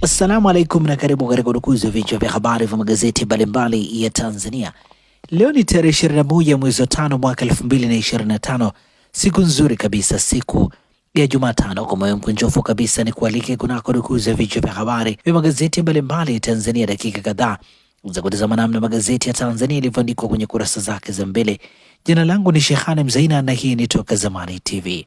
Assalamu alaikum na karibu katika udukuzi wa vichwa vya habari vya magazeti mbalimbali ya Tanzania. Leo ni tarehe 21 mwezi wa tano mwaka 2025, siku nzuri kabisa, siku ya Jumatano. Kwa moyo mkunjofu kabisa ni kualike kunako dukuzi ya vichwa vya habari vya magazeti mbalimbali ya Tanzania, dakika kadhaa za kutazama namna magazeti ya Tanzania ilivyoandikwa kwenye kurasa zake za mbele. Jina langu ni Shehane Mzaina na hii ni Toka Zamani TV.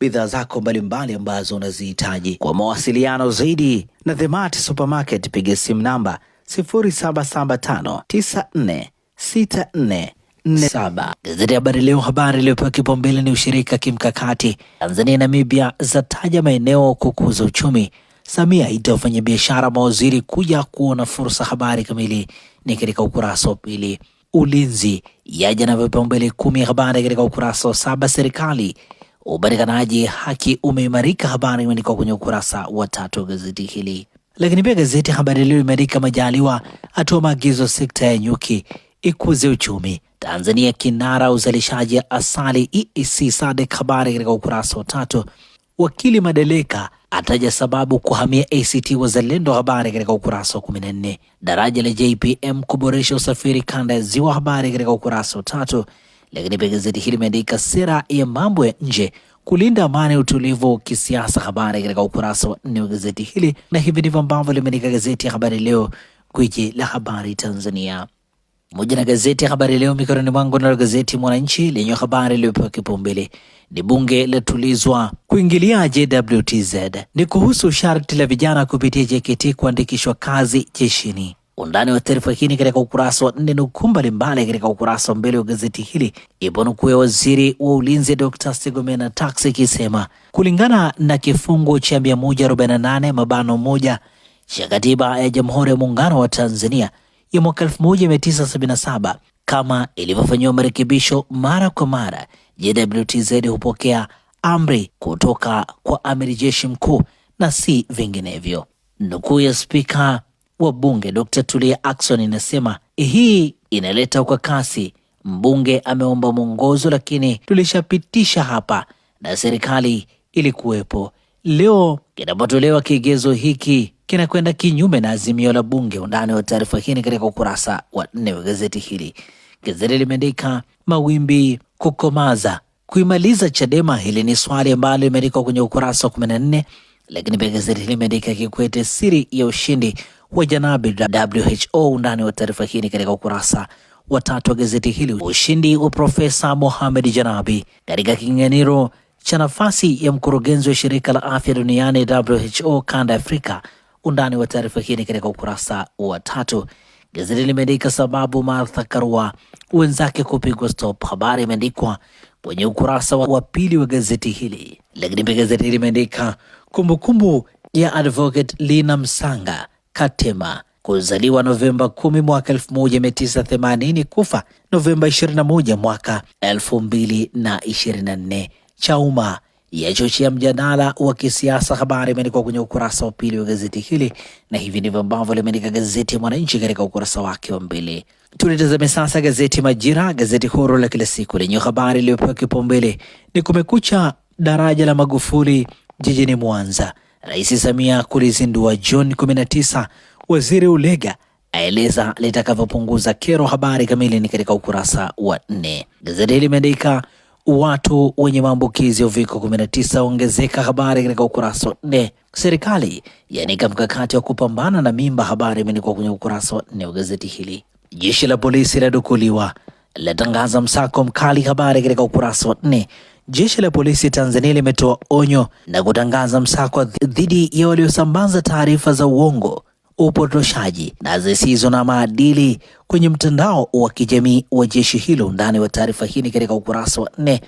bidhaa zako mbalimbali ambazo unazihitaji. Kwa mawasiliano zaidi na The Mart Supermarket, piga simu namba 0775946447. Gazeti ya Habari Leo, habari iliyopewa kipaumbele ni ushirika kimkakati Tanzania Namibia zataja maeneo kukuza uchumi. Samia aita wafanyabiashara mawaziri kuja kuona fursa. Habari kamili ni katika ukurasa wa pili. Ulinzi yaja na vipaumbele kumi ya habari katika ukurasa wa saba. Serikali upatikanaji haki umeimarika. Habari imeandikwa kwenye ukurasa wa tatu wa gazeti hili. Lakini pia gazeti Habari Leo imeandika Majaliwa atoa maagizo sekta ya nyuki ikuze uchumi. Tanzania kinara uzalishaji asali EAC e SADC. Habari katika ukurasa wa tatu. Wakili Madeleka ataja sababu kuhamia ACT Wazalendo. Habari katika ukurasa wa kumi na nne. Daraja la JPM kuboresha usafiri kanda ya Ziwa. Habari katika ukurasa wa tatu. Lakini pia gazeti hili limeandika sera ya mambo ya nje kulinda amani utulivu kisiasa, habari katika ukurasa wa nne wa gazeti hili, na hivi ndivyo ambavyo limeandika gazeti ya Habari Leo, gwiji la habari Tanzania, pamoja na gazeti ya Habari Leo mikononi mwangu. Nalo gazeti Mwananchi lenye habari iliyopewa kipaumbele ni bunge latulizwa kuingilia JWTZ, ni kuhusu sharti la vijana kupitia JKT kuandikishwa kazi jeshini. Undani wa taarifa hii ni katika ukurasa wa nne. Nukuu mbalimbali katika ukurasa wa mbele wa gazeti hili ipo nukuu ya waziri wa ulinzi Dr. Stergomena Tax ikisema kulingana na kifungu cha 148 mabano moja cha katiba ya Jamhuri ya Muungano wa Tanzania ya mwaka 1977 kama ilivyofanyiwa marekebisho mara kwa mara, JWTZ hupokea amri kutoka kwa amiri jeshi mkuu na si vinginevyo. Nukuu ya spika wa bunge Dr. Tulia Ackson inasema hii inaleta kwa kasi. Mbunge ameomba mwongozo, lakini tulishapitisha hapa na serikali ilikuwepo. Leo kinapotolewa kigezo hiki kinakwenda kinyume na azimio la bunge. Undani wa taarifa hii ni katika ukurasa wa nne wa gazeti hili. Gazeti limeandika mawimbi kukomaza kuimaliza Chadema. Hili ni swali ambalo limeandikwa kwenye ukurasa wa kumi na nne, lakini pia gazeti hili limeandika Kikwete siri ya ushindi wa janabi WHO. Undani wa taarifa hii ni katika ukurasa wa tatu wa gazeti hili. Ushindi wa Profesa Mohamed Janabi katika kinyang'anyiro cha nafasi ya mkurugenzi wa shirika la afya duniani WHO kanda Afrika. Undani wa taarifa hii ni katika ukurasa wa tatu. Gazeti limeandika sababu Martha Karua wenzake kupigwa stop. Habari imeandikwa kwenye ukurasa wa pili wa gazeti hili, lakini pia gazeti limeandika kumbukumbu ya advocate Lina Msanga Katema kuzaliwa Novemba 10 mwaka 1980, kufa Novemba 21 mwaka 2024. Chauma yachochea mjadala wa kisiasa. Habari imeandikwa kwenye ukurasa wa pili wa gazeti hili, na hivi ndivyo ambavyo limeandika gazeti ya Mwananchi katika ukurasa wake wa mbele. Tulitazame sasa gazeti Majira, gazeti huru la kila siku lenye habari iliyopewa kipaumbele ni Kumekucha, daraja la Magufuli jijini Mwanza Rais Samia kulizindua Juni 19. Waziri Ulega aeleza litakavyopunguza kero. Habari kamili ni katika ukurasa wa nne. Gazeti limeandika watu wenye maambukizi ya uviko 19 ongezeka, habari katika ukurasa wa nne. Serikali yanika mkakati wa kupambana na mimba, habari imeandikwa kwenye ukurasa wa nne wa gazeti hili. Jeshi la polisi ladukuliwa latangaza msako mkali, habari katika ukurasa wa nne. Jeshi la polisi Tanzania limetoa onyo na kutangaza msako dhidi ya waliosambaza taarifa za uongo, upotoshaji na zisizo na maadili kwenye mtandao wa kijamii wa jeshi hilo. Undani wa taarifa hii ni katika ukurasa wa nne.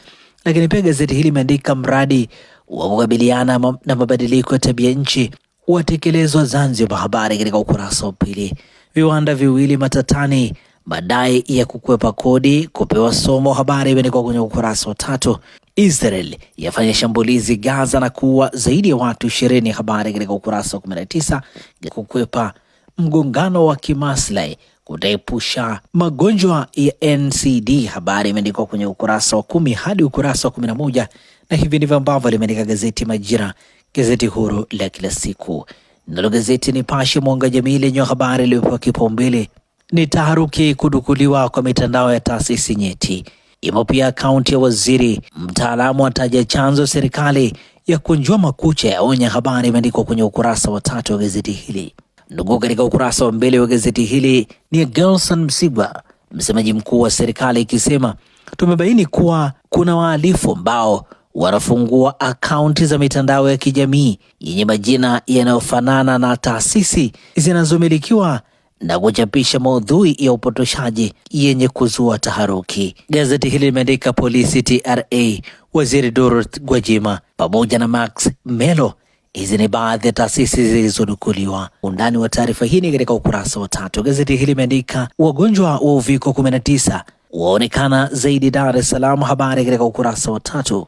Lakini pia gazeti hili limeandika mradi wa kukabiliana na mabadiliko ya tabia nchi watekelezwa Zanzibar. Habari katika ukurasa wa pili. Viwanda viwili matatani madai ya kukwepa kodi kupewa somo. Habari imeandikwa kwenye ukurasa wa tatu. Israel yafanya shambulizi Gaza na kuua zaidi ya watu ishirini. Habari katika ukurasa wa 19. Kukwepa mgongano wa kimaslahi kutaepusha magonjwa ya NCD. Habari imeandikwa kwenye ukurasa wa kumi hadi ukurasa wa kumi na moja na hivi ndivyo ambavyo limeandika gazeti Majira, gazeti huru la kila siku. Nalo gazeti Nipashe Mwanga Jamii lenye habari iliyopewa kipaumbele ni taharuki kudukuliwa kwa mitandao ya taasisi nyeti Imo pia akaunti ya waziri mtaalamu ataja chanzo serikali ya kunjua makucha ya onya. Habari imeandikwa kwenye ukurasa wa tatu wa gazeti hili. Ndugu, katika ukurasa wa mbele wa gazeti hili ni Gelson Msigwa, msemaji mkuu wa serikali, ikisema tumebaini kuwa kuna wahalifu ambao wanafungua akaunti za mitandao ya kijamii yenye majina yanayofanana na taasisi zinazomilikiwa na kuchapisha maudhui ya upotoshaji yenye kuzua taharuki. Gazeti hili limeandika polisi TRA, waziri Dorothy Gwajima pamoja na Max Melo. Hizi ni baadhi ya taasisi zilizodukuliwa. Undani wa taarifa hii ni katika ukurasa wa tatu. Gazeti hili limeandika wagonjwa wa uviko 19 waonekana zaidi Dar es Salaam, habari katika ukurasa wa tatu.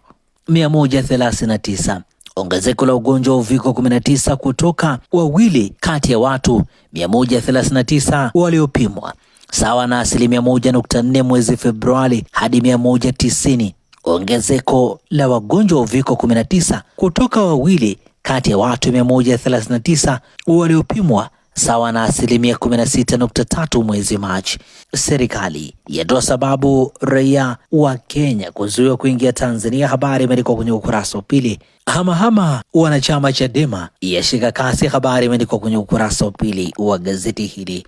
139 Ongezeko la ugonjwa wa uviko 19 kutoka wawili kati ya watu 139 waliopimwa sawa na asilimia 1.4 mwezi Februari hadi 190. Ongezeko la wagonjwa wa uviko 19 kutoka wawili kati ya watu 139 waliopimwa sawa na asilimia 16.3 mwezi Machi. Serikali yatoa sababu raia wa Kenya kuzuiwa kuingia Tanzania. Habari imeandikwa kwenye ukurasa wa pili. Hamahama wanachama Chadema yashika kasi. Habari imeandikwa kwenye ukurasa wa pili wa gazeti hili,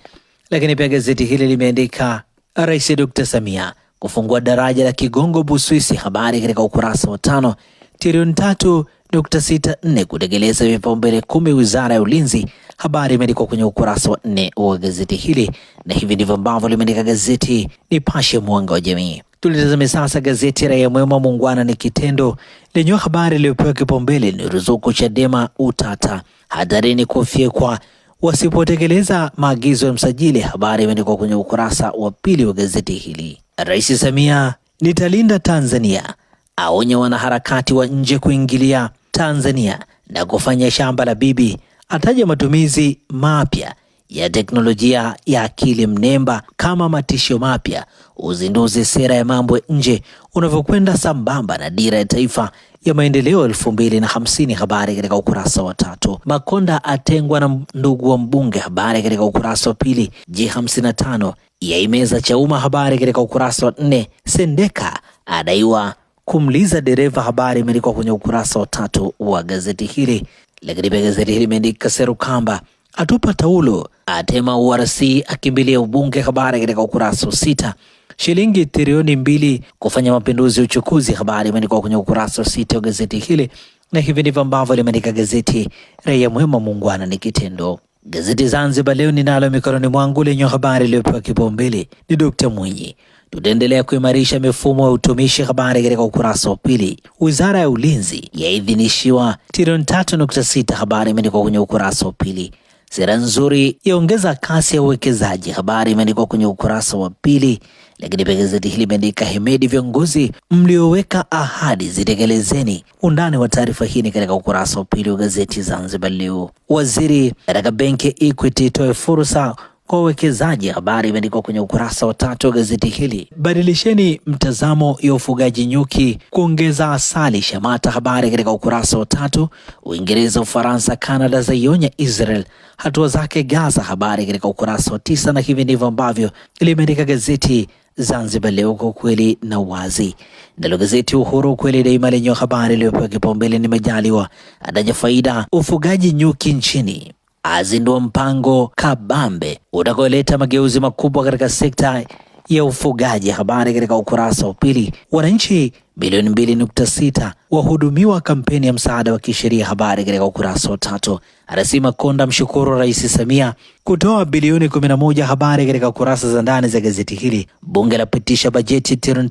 lakini pia gazeti hili limeandika Rais Dr. Samia kufungua daraja la Kigongo Buswisi. Habari katika ukurasa wa tano. Trilioni 3.64 kutekeleza vipaumbele kumi wizara ya ulinzi Habari imeandikwa kwenye ukurasa wa nne wa gazeti hili, na hivi ndivyo ambavyo limeandika gazeti Nipashe mwanga wa jamii. Tulitazame sasa gazeti Raia Mwema, muungwana ni kitendo, lenye habari iliyopewa kipaumbele ni ruzuku Chadema utata, hatarini kufyekwa wasipotekeleza maagizo ya msajili. Habari imeandikwa kwenye ukurasa wa pili wa gazeti hili. Rais Samia, nitalinda Tanzania, aonye wanaharakati wa nje kuingilia Tanzania na kufanya shamba la bibi ataja matumizi mapya ya teknolojia ya akili mnemba kama matisho mapya, uzinduzi sera ya mambo ya nje unavyokwenda sambamba na dira ya taifa ya maendeleo elfu mbili na hamsini. Habari katika ukurasa wa tatu. Makonda atengwa na ndugu wa mbunge. Habari katika ukurasa wa pili. G55 yaimeza Chauma. Habari katika ukurasa wa nne. Sendeka adaiwa kumliza dereva. Habari imeandikwa kwenye ukurasa wa tatu wa gazeti hili. Lakini pia gazeti hili limeandika Serukamba atupa taulo atema URC akimbilia ubunge, habari katika ukurasa wa sita. Shilingi trilioni mbili kufanya mapinduzi ya uchukuzi, habari imeandikwa kwenye ukurasa wa sita wa gazeti hili, na hivi ndivyo ambavyo limeandika gazeti Raia Mwema, muungwana ni kitendo. Gazeti Zanzibar Leo ninalo mikononi mwangu lenye habari iliyopewa kipaumbele ni Dr. Mwinyi Tutaendelea kuimarisha mifumo ya utumishi habari katika ukurasa wa pili. Wizara ya Ulinzi yaidhinishiwa trilioni 3.6, habari imeandikwa kwenye ukurasa wa pili. Sera nzuri yaongeza kasi ya uwekezaji, habari imeandikwa kwenye ukurasa wa pili. Lakini pia gazeti hili imeandika Hemedi, viongozi mlioweka ahadi zitekelezeni. Undani wa taarifa hii ni katika ukurasa wa pili wa gazeti Zanzibar Leo. Waziri katika benki Equity toe fursa kwa wawekezaji. Habari imeandikwa kwenye ukurasa wa tatu wa gazeti hili. Badilisheni mtazamo ya ufugaji nyuki kuongeza asali, Shamata. Habari katika ukurasa wa tatu. Uingereza, Ufaransa, canada zaionya Israel hatua zake Gaza. Habari katika ukurasa wa tisa, na hivi ndivyo ambavyo limeandika gazeti Zanzibar Leo, kwa ukweli na uwazi. ndalo gazeti Uhuru ukweli daima lenye habari iliyopewa kipaumbele ni Majaliwa ataja faida ufugaji nyuki nchini azindua mpango kabambe utakaoleta mageuzi makubwa katika sekta ya ufugaji. Habari katika ukurasa wa pili. Wananchi bilioni mbili nukta sita wahudumiwa kampeni ya msaada wa kisheria. Habari katika ukurasa wa tatu. Arasi Makonda mshukuru Rais Samia kutoa bilioni 11. Habari katika kurasa za ndani za gazeti hili. Bunge lapitisha bajeti trilioni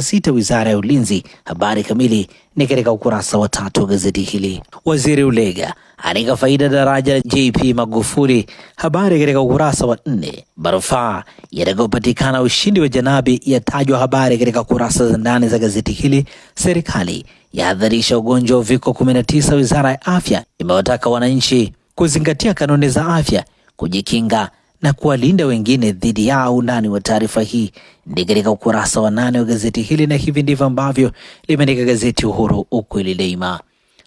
sita wizara ya ulinzi. Habari kamili ni katika ukurasa wa tatu wa gazeti hili. Waziri Ulega anika faida daraja JP Magufuli. Habari katika ukurasa wa nne. Barufaa yatakayopatikana ushindi wa Janabi yatajwa, habari katika kurasa za ndani za gazeti hili. Serikali yahadharisha ugonjwa wa uviko 19. Wizara ya afya imewataka wananchi kuzingatia kanuni za afya, kujikinga na kuwalinda wengine dhidi yao. Undani wa taarifa hii ndi katika ukurasa wa nane wa gazeti hili, na hivi ndivyo ambavyo limeandika gazeti Uhuru, ukweli daima.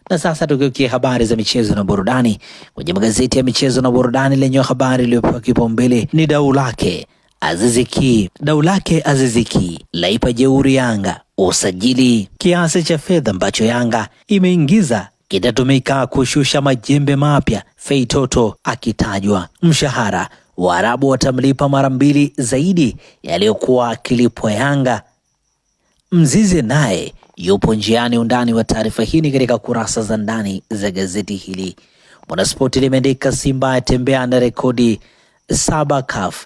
Na sasa tukiukia habari za michezo na burudani kwenye magazeti ya michezo na burudani lenye habari iliyopewa kipaumbele ni dau lake Aziziki, dau lake Aziziki laipa jeuri Yanga. Usajili kiasi cha fedha ambacho Yanga imeingiza kitatumika kushusha majembe mapya. Feitoto akitajwa mshahara, Waarabu watamlipa mara mbili zaidi yaliyokuwa akilipwa Yanga. Mzize naye yupo njiani. Undani wa taarifa hii ni katika kurasa za ndani za gazeti hili. Mwanaspoti limeandika Simba yatembea na rekodi saba CAF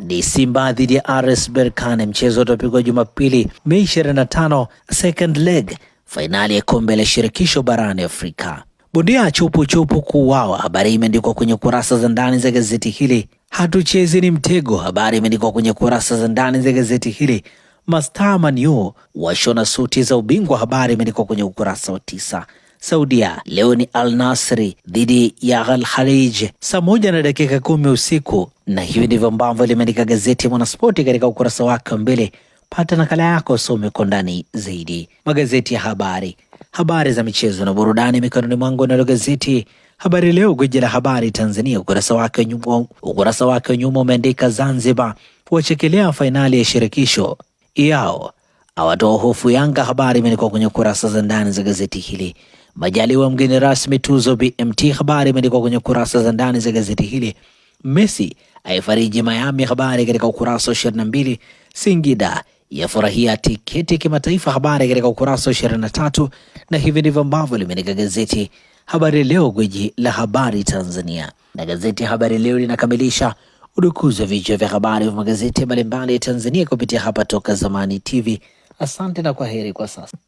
ni Simba dhidi ya RS Berkane, mchezo utapigwa Jumapili Mei 25, second leg fainali ya kombe la shirikisho barani Afrika. Bondia chupu chupu kuuawa, habari imeandikwa kwenye kurasa za ndani za gazeti hili. Hatuchezi ni mtego, habari imeandikwa kwenye kurasa za ndani za gazeti hili mastaa Manio washona suti za ubingwa. Habari imeandikwa kwenye ukurasa wa tisa. Saudia leo ni Al Nasri dhidi ya Al Khalij saa moja na dakika kumi usiku, na hivi ndivyo ambavyo limeandika gazeti ya Mwanaspoti katika ukurasa wake wa mbele. Pata nakala yako some kwa ndani zaidi. Magazeti ya habari, habari za michezo na burudani mikononi mwangu, nalo gazeti Habari Leo, gwiji la habari Tanzania, ukurasa wake wa nyuma umeandika Zanzibar wachekelea fainali ya shirikisho yao awatoa hofu Yanga. Habari imeandikwa kwenye kurasa za ndani za gazeti hili. Majaliwa mgeni rasmi tuzo BMT. Habari imeandikwa kwenye kurasa za ndani za gazeti hili. Messi aifariji Miami. Habari katika ukurasa wa ishirini na mbili. Singida yafurahia tiketi kimataifa. Habari katika ukurasa wa ishirini na tatu. Na hivi ndivyo ambavyo limeandika gazeti Habari Leo, gweji la habari Tanzania, na gazeti Habari Leo linakamilisha Udukuzi wa vichwa vya habari vya magazeti mbalimbali ya Tanzania kupitia hapa Toka Zamani TV. Asante na kwaheri kwa sasa.